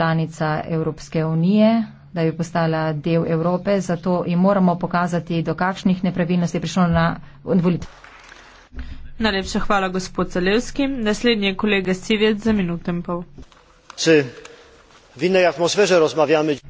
članica Evropske unije, da bi postala del Evrope, zato jim moramo pokazati, do kakšnih nepravilnosti je prišlo na volitve. Najlepša hvala, gospod Zalevski. Naslednji je kolega Sivjet za minuto in pol. Se,